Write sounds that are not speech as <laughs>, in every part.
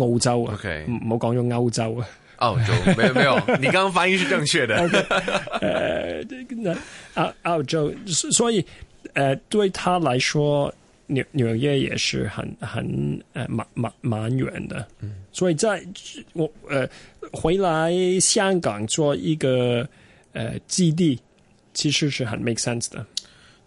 澳洲啊，ok，唔好講咗歐洲啊，澳洲、oh, 沒有沒有，你剛剛發音是正確的。澳澳洲，所以誒，對他來說，紐紐約也是很很誒，蠻蠻蠻遠的。Mm. 所以在我誒、呃、回來香港做一個誒、呃、基地，其實是很 make sense 的。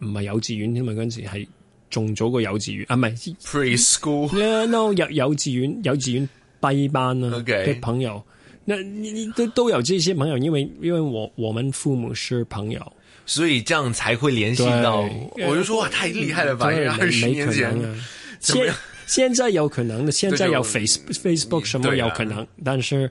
唔係幼稚園添嘛？嗰陣時係仲早過幼稚園啊，唔係 preschool，no 入、no，幼稚園，幼稚園低班啦。嘅 Okay. 朋友，那、你、都都有這些朋友，因為因為我我們父母是朋友，所以這樣才會聯繫到。對我就說哇，太厲害了吧，二十對年前冇可能啊，現現在有可能，的現在有 face 就 Facebook 什麼有可能，啊、但是。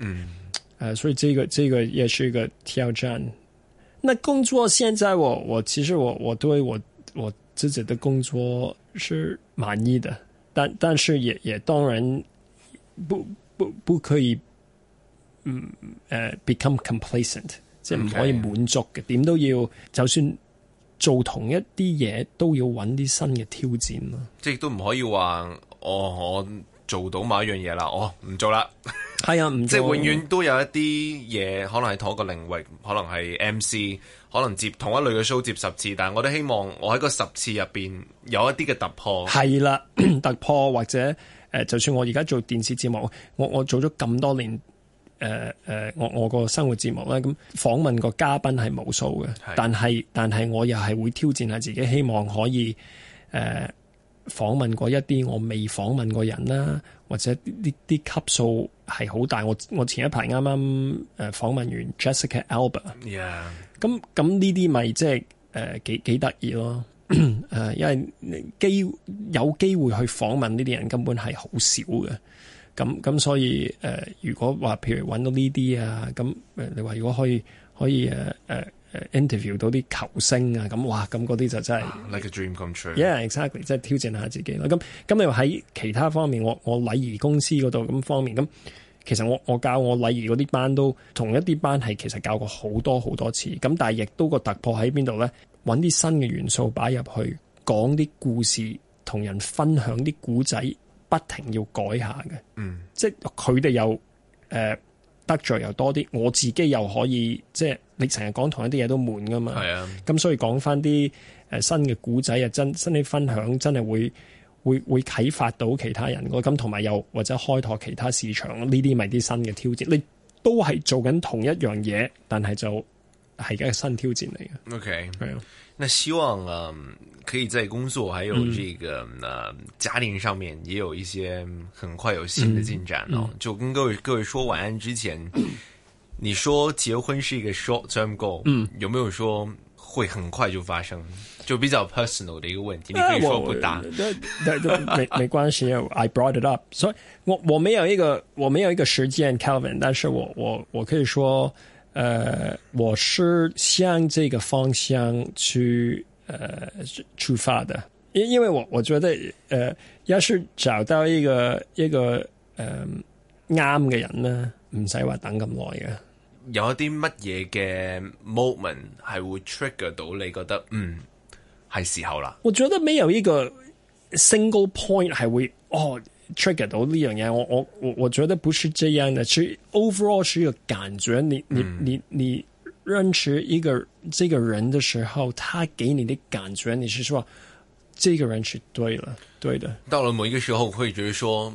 嗯，誒、mm，hmm. uh, 所以這個這個也是一個挑戰。那工作現在我我其實我我對我我自己的工作是滿意的，但但是也也當然不不不可以，嗯、uh, 誒，become complacent，即係唔 Okay. 可以滿足嘅，點都要，就算做同一啲嘢都要揾啲新嘅挑戰啊！即係都唔可以話哦我我。我做到某一樣嘢啦，我、哦、唔做啦，係啊，即係 <laughs> 永遠都有一啲嘢，可能係同一個領域，可能係 MC，可能接同一類嘅 show 接十次，但係我都希望我喺個十次入邊有一啲嘅突、突破。係啦，突破或者誒、呃，就算我而家做電視節目，我我做咗咁多年誒誒、呃，我我個生活節目咧，咁訪問個嘉賓係無數嘅是的，但係但係我又係會挑戰下自己，希望可以誒。呃訪問過一啲我未訪問過人啦，或者啲啲級數係好大。我我前一排啱啱誒訪問完 Jessica Alba，咁咁呢啲咪即係誒幾幾得意咯？誒、呃，因為機有機會去訪問呢啲人根本係好少嘅。咁咁所以誒、呃，如果話譬如揾到呢啲啊，咁誒，你話如果可以可以誒誒。呃 interview 到啲球星啊，咁哇，咁嗰啲就真係 like a dream come true，yeah exactly，即係挑戰下自己啦。咁咁又喺其他方面，我我禮儀公司嗰度咁方面咁，其實我我教我禮儀嗰啲班都同一啲班係其實教過好多好多次。咁但係亦都個突破喺邊度咧？揾啲新嘅元素擺入去，講啲故事，同人分享啲古仔，不停要改下嘅。嗯、mm.，即係佢哋又誒得著又多啲，我自己又可以即係。你成日講同一啲嘢都悶噶嘛？係啊，咁、嗯、所以講翻啲誒新嘅古仔啊，真新啲分享真係會會會啟發到其他人。我咁同埋又或者開拓其他市場，呢啲咪啲新嘅挑戰。你都係做緊同一樣嘢，但係就係一個新挑戰嚟嘅。OK，係啊。那希望啊、嗯，可以在工作還有這個呃家庭上面也有一些很快有新嘅進展咯。嗯嗯、就跟各位各位說晚安之前。 <coughs> 你說結婚是一個 short term goal，嗯，有沒有說會很快就發生？就比較 personal 的一個問題，你可以說不答，對、啊、 <laughs> 沒，沒關係。I brought it up，所、so，以，我我沒有一個我沒有一個時間，Calvin，但是我我我可以說，呃，我是向這個方向去呃出發的，因因為我我覺得，呃，要是找到一個一個呃啱嘅人呢，唔使話等咁耐嘅。有一啲乜嘢嘅 moment 係會 trigger 到你覺得嗯係時候啦？我覺得沒有一個 single point 係會哦 trigger 到呢樣嘢。我我我我覺得不是這樣嘅，係 overall 是一個感覺。你你你、嗯、你認識一個這個人的時候，他給你的感覺說，你是話這個人是對了，對的。到了某一個時候，我會覺得說。